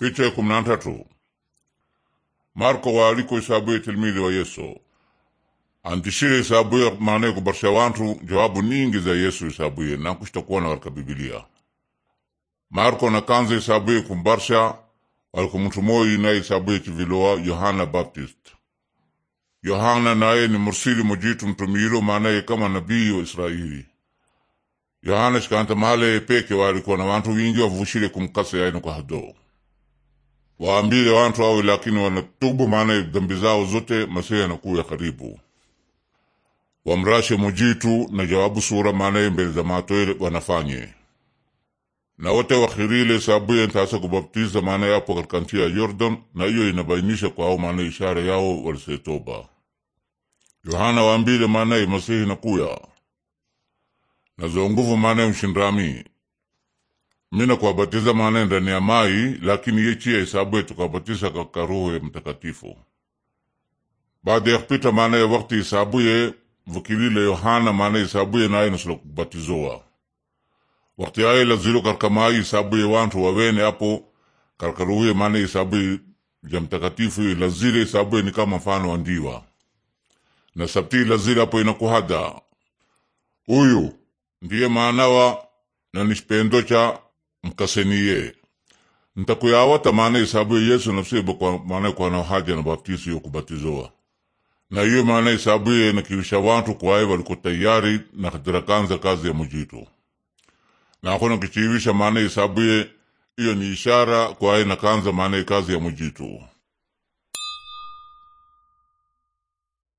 Picha ya kumi na tatu Marko waaliko isabuye tilmidhi wa Yesu antishire ya maanaye kubarisha wantu jawabu ningi za Yesu isaabuye nakushita kuona katika Bibilia Marko nakanza isabuye kumbarsha waliko mtu moyi naye isabuye chivilowa Yohana Baptist Yohana naye ni mursili mujitu mtumiyilo maanaye kama nabii wa Israili Yohana shikanta mahala peke walikuwa na wantu wingi wavushire kumkasa yaino kwa hadoo waambile wantu awe lakini wanatubu, maana dhambi zao zote masihi anakuya karibu. Wamrashe mujitu na jawabu sura maana mbele za matoe wanafanye na wote wakhirile ya ntasa kubaptiza maana apo katika nchi ya Jordan, na hiyo inabainisha hao maana ishara yao walisetoba. Yohana waambile maanaye masihi nakuya na zonguvu maanaye mshindrami mina kuwabatiza maana ndani ya mai lakini yechiya hesabu ye tukabatisa kaka Roho ya Mtakatifu. Baada ya kupita maana ya wakati hesabuye vukilile Yohana maana ye naye nasula kubatizowa wakati aye lazilo karka mai hesabuye wantu wawene apo karka Rohuye maana hesabuye ya Mtakatifu lazile hesabuye ni kama mfano wa ndiwa na sabti lazile apo inakuhada uyu ndiye wa na nishipendo cha mkaseniye ntakuyawata maana isabu ya yesu na haja na baptizo yokubatizowa na iyo maana isabu ye watu kwa kwaye waliko tayari kanza kazi ya mujitu nakhona kichiwisha maana isabu ya iyo ni ishara kwaye nakanza maana kazi ya mujitu